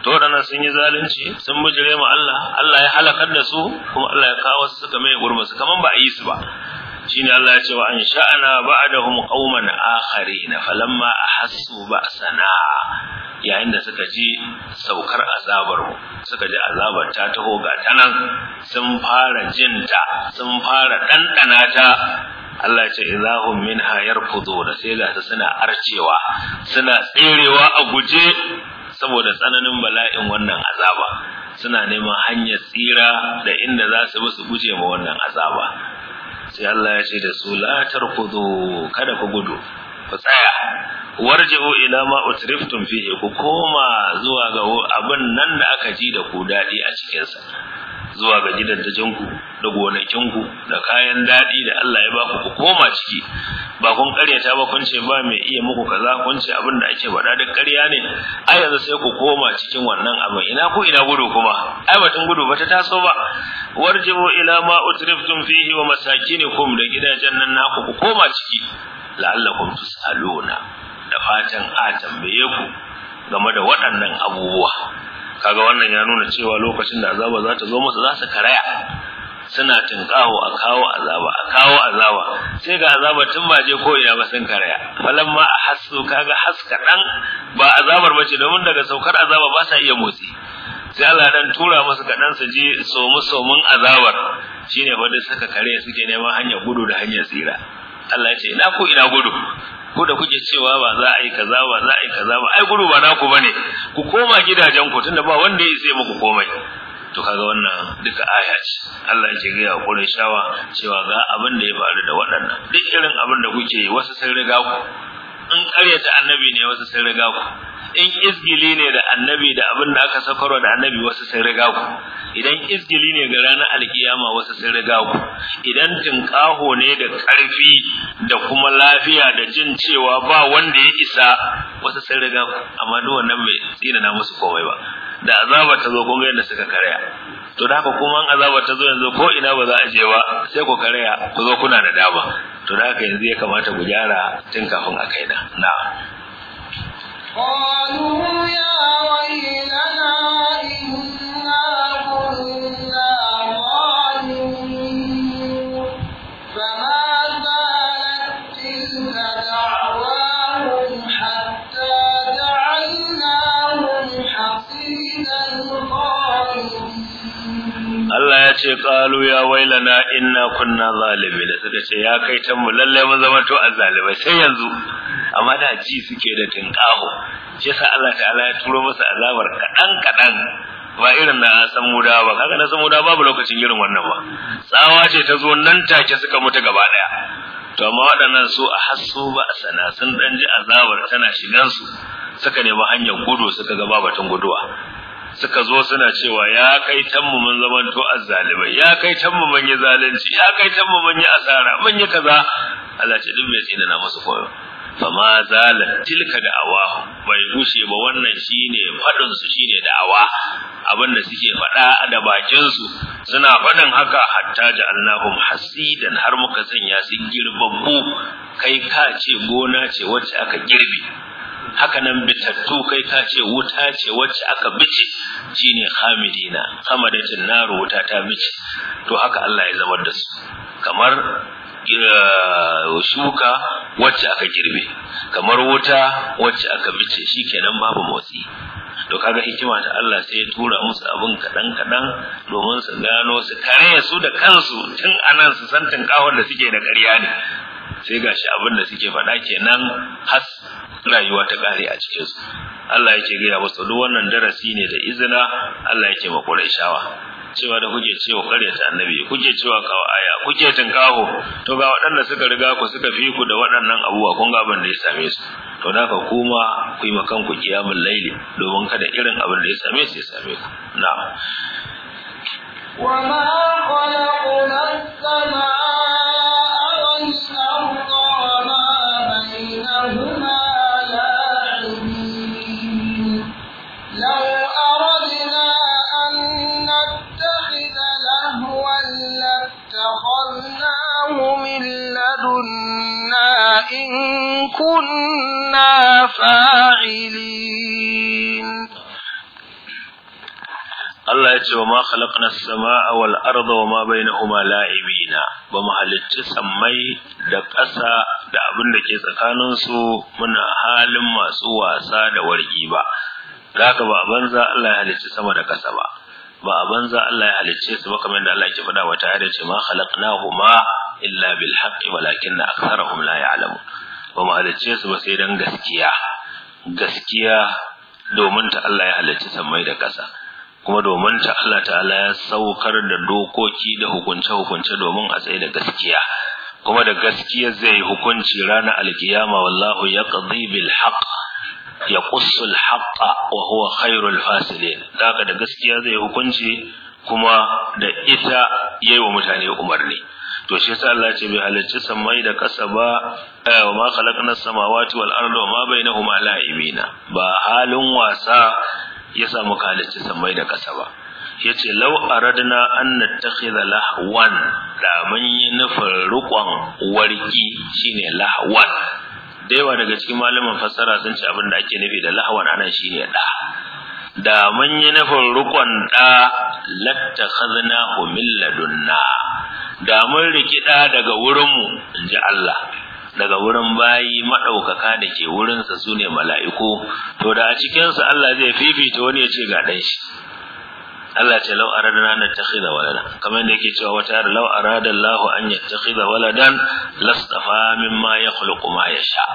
to dana sun yi zalunci sun bujire mu Allah Allah ya halakar da su kuma Allah ya kawo wasu suka mai gurbin su kaman ba a yi su ba shine Allah ya ce wa an sha'ana ba'dahum qauman akharin falamma ahassu ba'sana yayin da suka ji saukar azabar mu suka ji azabar ta taho ga tanan sun fara jinta sun fara dandana ta Allah ce idahum minha da sai ga su suna arcewa suna tserewa a guje saboda tsananin bala'in wannan azaba suna neman hanyar tsira da inda za su bi su guje ma wannan azaba sai Allah ya ce da su la tarkudu kada ku gudu ku tsaya warji'u ila ma utriftum fihi ku koma zuwa ga abin nan da aka ji da ku dadi a cikin sa zuwa ga gidan tajinku da gonakinku da kayan daɗi da Allah ya baku ku koma ciki ba kun karyata ba kun ce ba mai iya muku kaza kun ce abin da ake faɗa duk ƙarya ne ai yanzu sai ku koma cikin wannan abin ina ku ina gudu kuma ai batun gudu ba ta taso ba warjibu ila ma utriftum fihi wa masakinikum da gidajen nan naku ku koma ciki la'allakum tusaluna da fatan a tambaye ku game da waɗannan abubuwa kaga wannan ya nuna cewa lokacin da azaba za ta zo masa za su karaya suna tinkaho a kawo azaba a kawo azaba sai ga azaba tun ba je ko ina ba sun karaya falamma a hasu kaga haska dan ba azabar ba ce. domin daga saukar azaba ba sa iya motsi sai Allah dan tura musu kaɗan su je somu somun azabar shine wanda suka kare suke neman hanyar gudu da hanyar tsira Allah ya ce ina ku ina gudu ko da kuke cewa ba za a yi kaza ba za a yi kaza ba ai gudu ba naku bane ku koma gidajen ku tunda ba wanda ya sai muku komai to kaga wannan duka aya ce Allah ya gaya ga yakurin shawa cewa ga abin da ya faru da waɗannan duk irin abin da kuke wasu sun riga ku in ta annabi ne wasu sun riga ku in izgili ne da annabi da abin da aka sakarwa da annabi wasu sun riga ku idan izgili ne ga ranar alkiyama wasu sun riga ku idan tinkaho ne da karfi da kuma lafiya da jin cewa ba wanda ya isa wasu sun riga ku amma duk wannan bai tsina na musu komai ba da azaba ta zo kun ga yadda suka karya to da haka kuma an azaba ta zo yanzu ko ina ba za a je ba sai ku karya ku zo kuna da dama to da haka yanzu ya kamata ku gyara tun kafin a kai da na قالوا يا ويلنا ce qalu ya wailana inna kunna da suka ce ya kai ta mu lalle mun zama to azzalimai sai yanzu amma da ji suke da tinkaho shi yasa Allah ta'ala ya turo masa azabar kaɗan-kaɗan ba irin na san muda ba kaga na san muda babu lokacin irin wannan ba tsawa ce ta zo nan take suka mutu gaba ɗaya, to amma waɗannan su a hasu ba a sana sun dan ji azabar tana shigansu suka nemi hanyar gudu suka ga babatun guduwa suka zo suna cewa ya kai mu mun zamanto azzalimai ya kai mu mun yi zalunci ya kai mu mun yi asara mun yi kaza Allah ce duk mai tsina na musu koyo ma zalal tilka awa bai gushe ba wannan shine fadin su shine abin da suke fada da bakin su suna fadin haka hatta allahum hasidan har muka sanya su girbabbu kai ka ce gona ce wacce aka girbe haka nan bitattu kai ka ce wuta ce wacce aka bice sama da cin naru wuta ta bice to haka Allah ya zama da su kamar eh, shuka wacce aka girbe kamar wuta wacce aka bice shi kenan babu motsi to kaga hikima ta Allah sai ya tura musu abin kaɗan kaɗan domin su gano su kare su da kansu tun anan su san tinkawar da suke da ƙarya ne sai gashi abin da suke faɗa kenan has rayuwa ta kare a cikin su Allah yake gaya musu duk wannan darasi ne da izina Allah yake ma Qurayshawa cewa da kuke cewa karyata annabi kuke cewa kawa aya kuke kaho to ga waɗanda suka riga ku suka fi ku da waɗannan abubuwa kun ga abin da ya same su to naka kuma ku yi makan ku kiyamul laili domin kada irin abin da ya same su ya same ku na'am khalaqna as إن كنا فاعلين Allah ya ce wa ma khalaqna as-samaa wal arda wa na bainahuma la'ibina ba mu halicci sammai da ƙasa da abin da ke tsakanin su muna halin masu wasa da wargi ba zaka ba banza Allah ya halicci sama da ƙasa ba ba banza Allah ya halicce su ba kamar yadda Allah ke faɗa wa ta'ala ce ma khalaqnahuma illa bil haqqi walakin aktharuhum la ya'lamun ba mu halicce su ba sai dan gaskiya gaskiya domin ta Allah ya halicci da ƙasa kuma domin ta Allah ta'ala ya saukar da dokoki da hukunce-hukunce domin a tsaye da gaskiya kuma da gaskiya zai hukunci ranar alkiyama wallahu yaqdi bil haqq ya qussul haqqa wa huwa khairul fasilin daga da gaskiya zai hukunci kuma da ita yayi wa mutane umarni to shi yasa Allah ce bai halarci samai da kasa ba eh, wa ma khalaqna samawati wal arda wa ma bainahuma la'ibina ba halin wasa ya samu halarci samai da kasa ba yace law aradna an nattakhidha lahwan da mun yi nufin rukon warki shine lahwan da yawa daga cikin malaman fassara sun ce abin da ake nufi da lahwan anan shine da da mun yi nufin rukon da lattakhadnahu min ladunna da mun rikida daga wurinmu in ji Allah daga wurin bayi maɗaukaka da ke wurinsa sune mala'iku to da a su Allah zai fifita wani ya ce ga dan shi Allah ce law aradana an takhiza walada kamar yadda yake cewa wata da lau arada Allah an yattakhiza waladan lastafa mimma yakhluqu ma yasha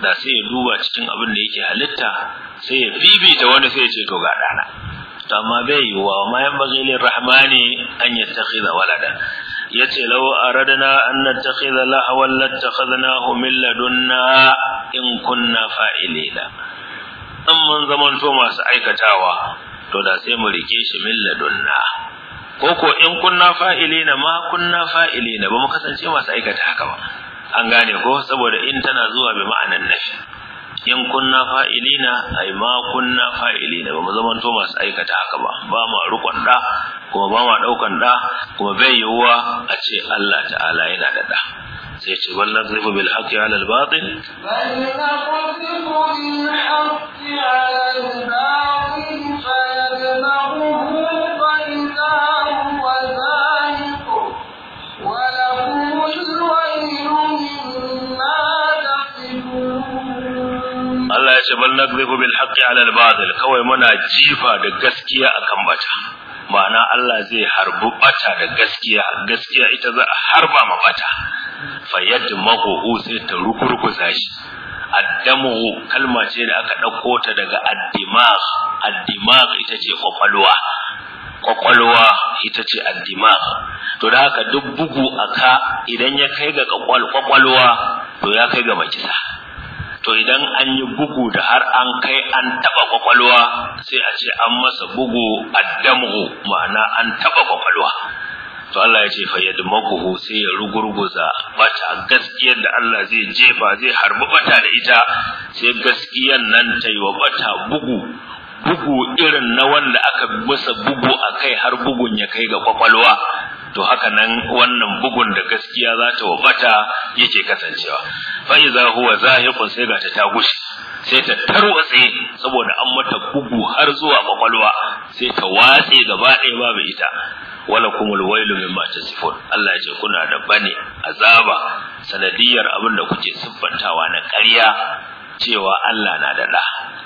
da sai ya duba cikin abin da yake halitta sai ya fifita wani sai ya ce to ga dana to amma bai yiwuwa wa ma yan bazilir rahmani an yattakhiza walada yace law aradna an nattakhidha lahwan lattakhadnahu min ladunna in kunna fa'ilina in mun zamanto masu aikatawa to da sai mu rike shi min ladunna ko in kunna fa'ilina ma kunna fa'ilina ba mu kasance masu aikata haka ba an gane ko saboda in tana zuwa bi ma'anan nafi in kunna fa'ilina ai ma kunna fa'ilina ba zaman to masu aikata haka ba ba ma rukun da kuma ba ma daukan da kuma bai yiwuwa a ce Allah ta'ala yana da da sai ce wallan zifu bil haqqi 'ala al batil bal naqdifu bil haqqi 'ala al batil fa yadmahu ya ce bal nakzifu bil haqqi ala al batil kawai muna jifa da gaskiya akan bata ma'ana Allah zai harbu bata da gaskiya gaskiya ita za a harba ma bata fayadmahu sai ta rukurkuza shi addamu kalma ce da aka ɗauko ta daga addimaq addimaq ita ce kwakwalwa kwakwalwa ita ce addimaq to da haka duk bugu aka idan ya kai ga kwakwalwa to ya kai ga makisa to idan an yi bugu da har an kai an taɓa kwakwalwa sai a ce an masa bugu addamu ma'ana an taɓa kwakwalwa to Allah ya ce fayyadu makuhu sai ya rugurguza bata gaskiyar da Allah zai jefa zai harbi bata da ita sai gaskiyar nan ta yi wa bata bugu bugu irin na wanda aka masa bugu a kai har bugun ya kai ga kwakwalwa to haka nan wannan bugun da gaskiya za ta wabata yake kasancewa fa iza huwa zahiqun sai ga ta ta gushi sai ta tarwatse saboda an mata bugu har zuwa kwakwalwa sai ta watse gaba ɗaya babu ita wala kumul wailu mimma tasifun Allah ya ce kuna da bane azaba sanadiyar abin da kuke siffantawa na ƙarya cewa Allah na da da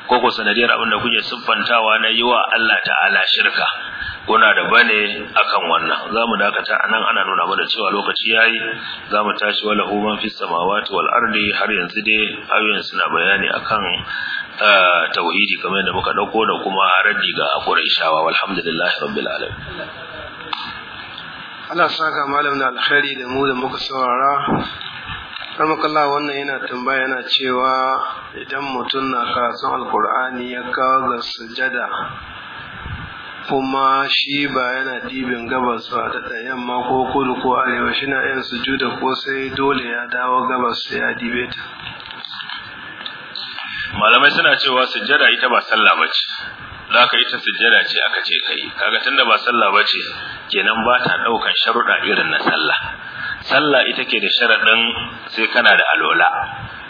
ko ko sanadiyar abin da kuke siffantawa na yiwa Allah ta'ala shirka kuna da bane akan wannan zamu dakata anan ana nuna mana cewa lokaci yayi zamu tashi wala human fi samawati wal ardi har yanzu dai ayoyin suna bayani akan eh, tauhidi kamar yadda muka dauko da kuma raddi ga Qurayshawa walhamdulillahi rabbil alamin Allah saka malam na alkhairi da mu da muka saurara Ramakallah wannan yana tambaya yana cewa idan mutum na karatun alkur'ani ya kawo ga sujada kuma shi ba yana dibin gabas ba ta yamma ko kudu ko arewa shi na yin sujuda ko sai dole ya dawo gabas ya dibe ta malamai suna cewa sujada ita ba sallah ba ce za ka ita sujada ce aka ce kai kaga tunda ba sallah ba ce kenan ba ta ɗaukan sharuɗa irin na sallah sallah ita ke da sharaɗin sai kana da alola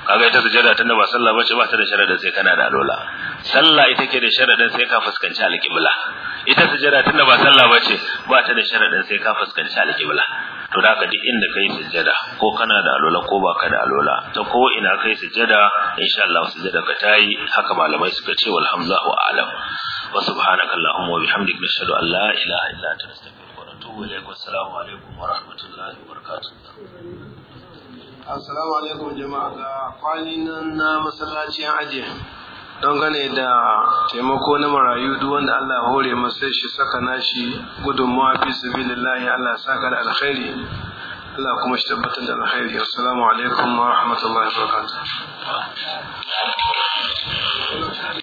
kaga ita tun tunda ba sallah ba ce ba ta da sharaɗin sai kana da alola sallah ita ke da sharadin sai ka fuskanci alƙibla ita sujada tunda ba sallah ba ce ba ta da sharadin sai ka fuskanci alƙibla to da ka duk inda kai sujada ko kana da alola ko ba ka da alola ta ko ina kai sujada insha Allah sujada ka tayi haka malamai suka ce walhamdulillah wa alam wa subhanakallahu wa bihamdika nashhadu an la ilaha illa anta nastaghfiruka wa natubu assalamu alaikum wa rahmatullahi wa barakatuh assalamu alaikum jama'a ga kwalinan na masallacin ajiya don gane da taimako na marayu duk wanda Allah hore masa shi saka nashi gudunmawa fi sabilillahi Allah saka da alkhairi Allah kuma shi tabbatar da alkhairi assalamu alaikum wa rahmatullahi wa barakatuh